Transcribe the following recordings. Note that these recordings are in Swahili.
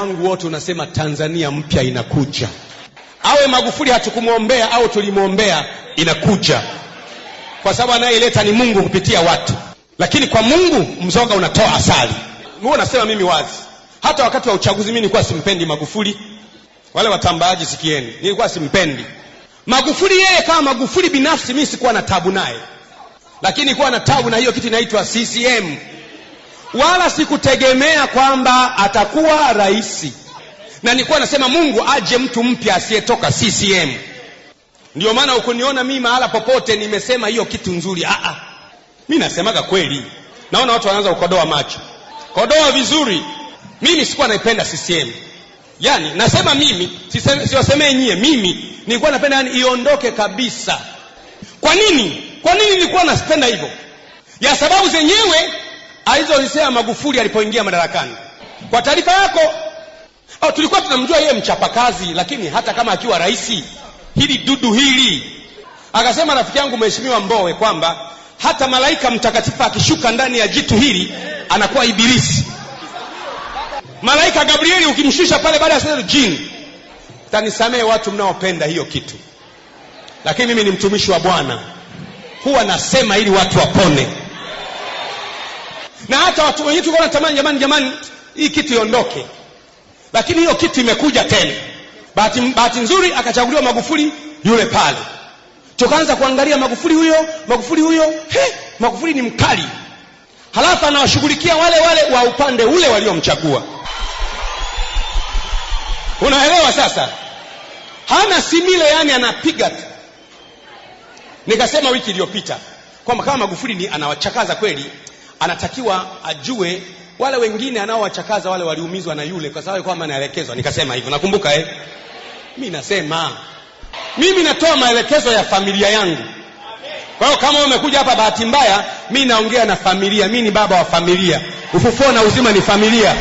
wangu wote unasema Tanzania mpya inakuja. Awe Magufuli hatukumwombea au tulimwombea, inakuja kwa sababu anayeleta ni Mungu kupitia watu, lakini kwa Mungu mzoga unatoa asali. Mimi nasema mimi wazi, hata wakati wa uchaguzi mimi nilikuwa simpendi Magufuli. Wale watambaaji sikieni, nilikuwa simpendi Magufuli. Yeye kama Magufuli binafsi, mimi sikuwa na tabu naye, lakini nilikuwa na tabu na hiyo kitu inaitwa CCM wala sikutegemea kwamba atakuwa rais, na nilikuwa nasema Mungu aje mtu mpya asiyetoka CCM. Ndio maana ukuniona mimi mahala popote nimesema hiyo kitu nzuri. Ah, ah. mi nasemaga kweli, naona watu wanaanza kukodoa macho. Kodoa vizuri. Mimi sikuwa naipenda CCM, yani nasema mimi, siwasemee nyie, mimi nilikuwa napenda yani iondoke kabisa. Kwa nini? Kwa nini nilikuwa nasipenda hivyo? Ya sababu zenyewe alizolisema Magufuli alipoingia madarakani. Kwa taarifa yako au, tulikuwa tunamjua yeye mchapakazi, lakini hata kama akiwa rais, hili dudu hili akasema rafiki yangu Mheshimiwa Mbowe kwamba hata malaika mtakatifu akishuka ndani ya jitu hili anakuwa ibilisi. Malaika Gabrieli ukimshusha pale baada ya jini. Tanisamee watu mnaopenda hiyo kitu, lakini mimi ni mtumishi wa Bwana, huwa nasema ili watu wapone na hata watu wenyewe tulikuwa tunatamani jamani, jamani, hii kitu iondoke, lakini hiyo kitu imekuja tena. Bahati, bahati nzuri akachaguliwa Magufuli yule pale, tukaanza kuangalia Magufuli huyo, Magufuli huyo, he, Magufuli ni mkali, halafu anawashughulikia wale wale wa upande ule waliomchagua. Unaelewa sasa? Hana simile, yani anapiga tu. Nikasema wiki iliyopita kwamba kama Magufuli ni anawachakaza kweli anatakiwa ajue wale wengine anaowachakaza wale waliumizwa na yule, kwa sababu kwamba anaelekezwa. Nikasema hivyo, nakumbuka eh? Mimi nasema mimi natoa maelekezo ya familia yangu. Kwa hiyo kama umekuja hapa bahati mbaya, mimi naongea na familia. Mimi ni baba wa familia. Ufufuo na uzima ni familia.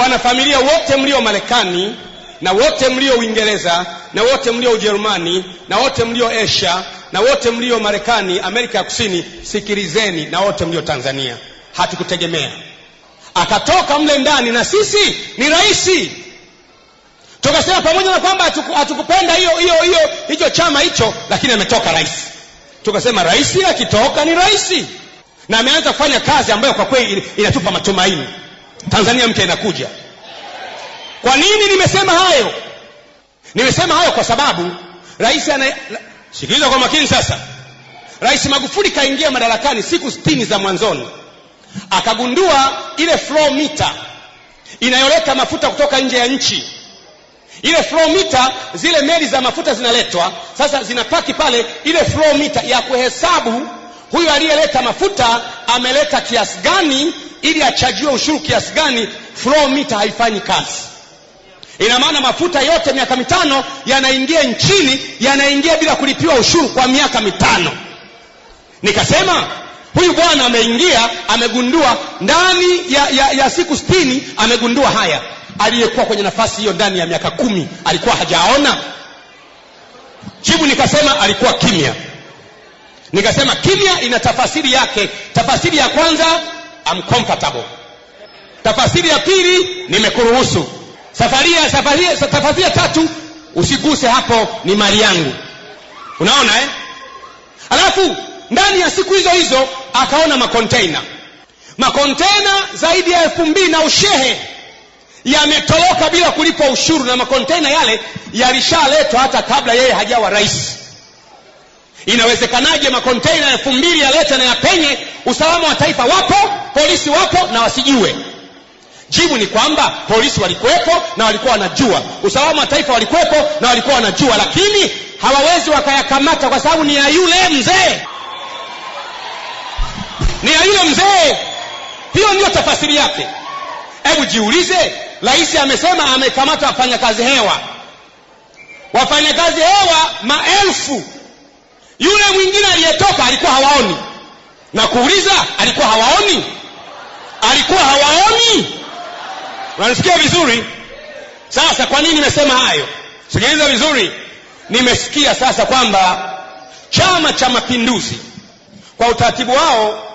Wanafamilia wote mlio Marekani na wote mlio Uingereza na wote mlio Ujerumani na wote mlio Asia na wote mlio Marekani, Amerika ya Kusini, sikilizeni, na wote mlio Tanzania hatukutegemea. Akatoka mle ndani na sisi ni rahisi, tukasema pamoja na kwamba hatukupenda hiyo hiyo hiyo hicho chama hicho, lakini ametoka rais. Tukasema rais akitoka ni rais, na ameanza kufanya kazi ambayo kwa kweli inatupa matumaini. Tanzania mpya inakuja. Kwa nini nimesema hayo? Nimesema hayo kwa sababu rais ana... Sikiliza kwa makini sasa. Rais Magufuli kaingia madarakani siku stini za mwanzoni akagundua ile flow meter inayoleta mafuta kutoka nje ya nchi ile flow meter, zile meli za mafuta zinaletwa sasa, zinapaki pale, ile flow meter ya kuhesabu huyu aliyeleta mafuta ameleta kiasi gani ili achajiwe ushuru kiasi gani. Flow meter haifanyi kazi. Ina maana mafuta yote miaka mitano yanaingia nchini, yanaingia bila kulipiwa ushuru kwa miaka mitano. Nikasema huyu bwana ameingia amegundua ndani ya, ya, ya siku stini amegundua haya aliyekuwa kwenye nafasi hiyo ndani ya miaka kumi alikuwa hajaona jibu nikasema alikuwa kimya nikasema kimya ina tafasiri yake tafasiri ya kwanza I'm comfortable tafasiri ya pili nimekuruhusu safaria, safaria, tafasiri ya tatu usiguse hapo ni mali yangu unaona eh? alafu ndani ya siku hizo hizo akaona makonteina makonteina zaidi ya elfu mbili na ushehe yametoroka bila kulipwa ushuru na makonteina yale yalishaletwa hata kabla yeye hajawa rais inawezekanaje makonteina elfu mbili yalete na yapenye usalama wa taifa wapo polisi wapo na wasijue jibu ni kwamba polisi walikuwepo na walikuwa wanajua usalama wa taifa walikuwepo na walikuwa wanajua lakini hawawezi wakayakamata kwa sababu ni ya yule mzee ni ya yule mzee. Hiyo ndiyo tafasiri yake. Hebu jiulize, rais amesema amekamata wafanyakazi hewa, wafanyakazi hewa maelfu. Yule mwingine aliyetoka alikuwa hawaoni, na kuuliza, alikuwa hawaoni? Alikuwa hawaoni? Unanisikia vizuri? Sasa kwa nini nimesema hayo? Sikiliza vizuri, nimesikia sasa kwamba Chama cha Mapinduzi kwa utaratibu wao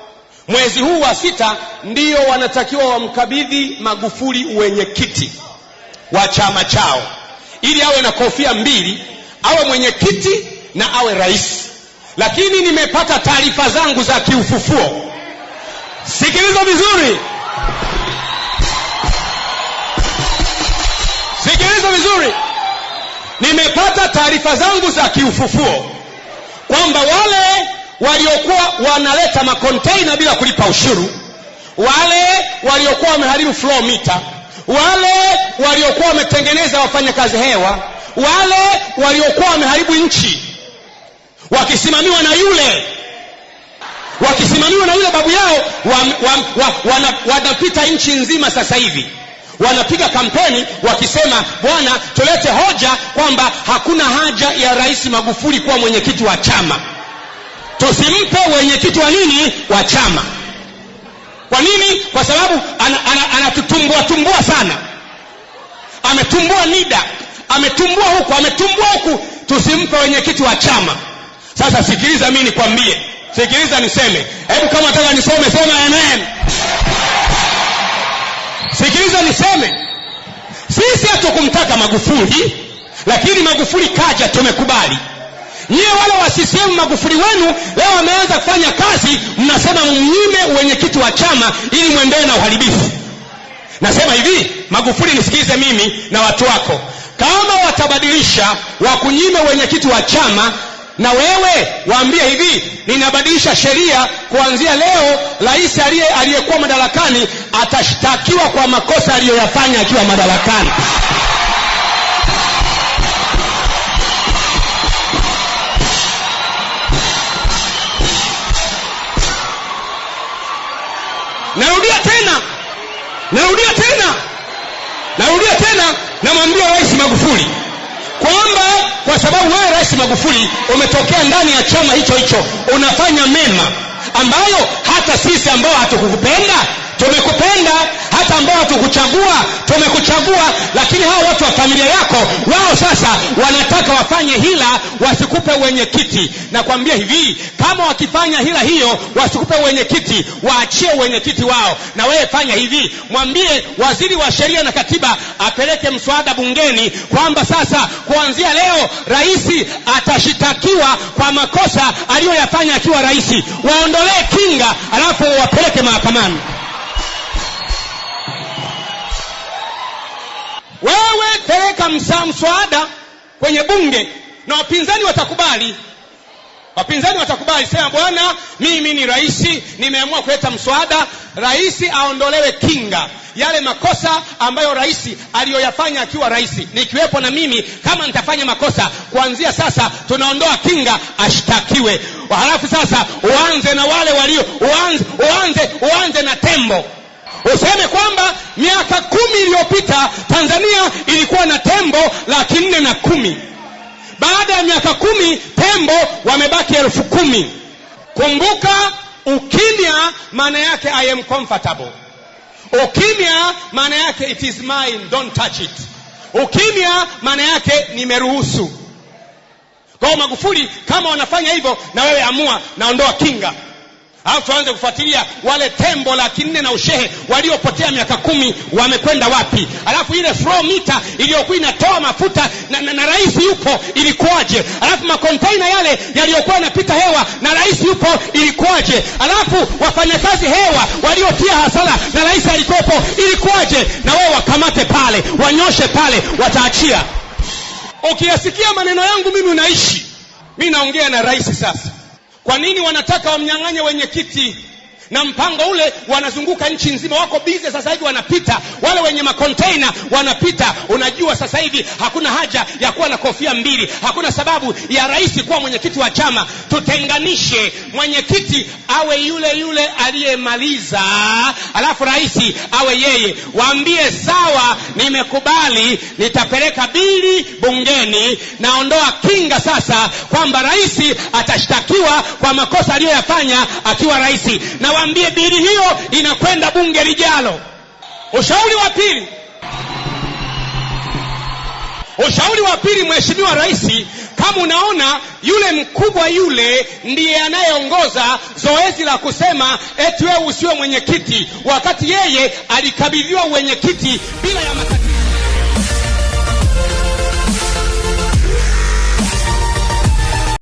Mwezi huu wa sita ndio wanatakiwa wamkabidhi Magufuli wenyekiti wa chama chao, ili awe na kofia mbili, awe mwenyekiti na awe rais. Lakini nimepata taarifa zangu za kiufufuo, sikiliza vizuri, sikiliza vizuri. Nimepata taarifa zangu za kiufufuo kwamba waliokuwa wanaleta makonteina bila kulipa ushuru, wale waliokuwa wameharibu flow mita, wale waliokuwa wametengeneza wafanyakazi hewa, wale waliokuwa wameharibu nchi, wakisimamiwa na yule wakisimamiwa na yule babu yao, wanapita wa nchi nzima sasa hivi wanapiga kampeni wakisema, bwana, tulete hoja kwamba hakuna haja ya Rais Magufuli kuwa mwenyekiti wa chama tusimpe wenyekiti wa nini wa chama kwa nini kwa sababu anatutumbua ana, ana tumbua sana ametumbua nida ametumbua huku ametumbua huku tusimpe wenyekiti wa chama sasa sikiliza mi nikwambie sikiliza niseme hebu kama taka nisome sema amen sikiliza niseme sisi hatukumtaka magufuli lakini magufuli kaja tumekubali nyiye wale wa CCM wenu leo wameanza kufanya kazi, mnasema mnyime wenyekiti wa chama ili mwendee na uharibifu. Nasema hivi, Magufuli, nisikize mimi na watu wako, kama watabadilisha wakunyime wenyekiti wa chama na wewe waambie hivi, ninabadilisha sheria kuanzia leo, rais aliyekuwa madarakani atashtakiwa kwa makosa aliyoyafanya akiwa madarakani. Narudia tena, narudia tena, narudia tena, namwambia Rais Magufuli kwamba kwa sababu wewe Rais Magufuli umetokea ndani ya chama hicho hicho, unafanya mema ambayo hata sisi ambao hatukukupenda tumekupenda hata ambao tukuchagua tumekuchagua lakini hao watu wa familia yako wao sasa wanataka wafanye hila wasikupe wenyekiti nakwambia hivi kama wakifanya hila hiyo wasikupe wenyekiti waachie kiti wao na wewe fanya hivi mwambie waziri wa sheria na katiba apeleke mswada bungeni kwamba sasa kuanzia leo rais atashitakiwa kwa makosa aliyoyafanya akiwa rais waondolee kinga alafu wapeleke mahakamani Wewe peleka mswada kwenye bunge na wapinzani watakubali. Wapinzani watakubali, sema bwana, mimi ni rais, nimeamua kuleta mswada, rais aondolewe kinga yale makosa ambayo rais aliyoyafanya akiwa rais, nikiwepo na mimi kama nitafanya makosa, kuanzia sasa tunaondoa kinga, ashtakiwe. Halafu sasa uanze na wale walio uanze, uanze, uanze na tembo useme kwamba miaka kumi iliyopita tanzania ilikuwa na tembo laki nne na kumi baada ya miaka kumi tembo wamebaki elfu kumi kumbuka ukimya maana yake i am comfortable ukimya maana yake it is mine don't touch it ukimya maana yake nimeruhusu kwao magufuli kama wanafanya hivyo na wewe amua naondoa kinga alafu aanze kufuatilia wale tembo laki nne na ushehe waliopotea miaka kumi wamekwenda wapi, alafu ile mita iliyokuwa inatoa mafuta na, na, na rais yupo ilikuwaje, alafu makontaina yale yaliyokuwa yanapita hewa na rais yupo ilikuwaje, alafu wafanyakazi hewa waliotia hasara na rais alikuwepo ilikuwaje, na wao wakamate pale, wanyoshe pale, wataachia. Ukiyasikia maneno yangu mimi unaishi, mi naongea na rais sasa kwa nini wanataka wamnyang'anye wenyekiti? na mpango ule wanazunguka nchi nzima, wako bize sasa hivi, wanapita wale wenye makonteina wanapita. Unajua, sasa hivi hakuna haja ya kuwa na kofia mbili, hakuna sababu ya rais kuwa mwenyekiti wa chama. Tutenganishe, mwenyekiti awe yule yule aliyemaliza, alafu rais awe yeye. Waambie sawa, nimekubali, nitapeleka bili bungeni, naondoa kinga sasa kwamba rais atashtakiwa kwa makosa aliyoyafanya akiwa rais na waambie bili hiyo inakwenda bunge lijalo. Ushauri wa pili, ushauri wa pili, Mheshimiwa Rais, kama unaona yule mkubwa yule ndiye anayeongoza zoezi la kusema eti wewe usiwe mwenyekiti, wakati yeye alikabidhiwa mwenyekiti bila ya mata-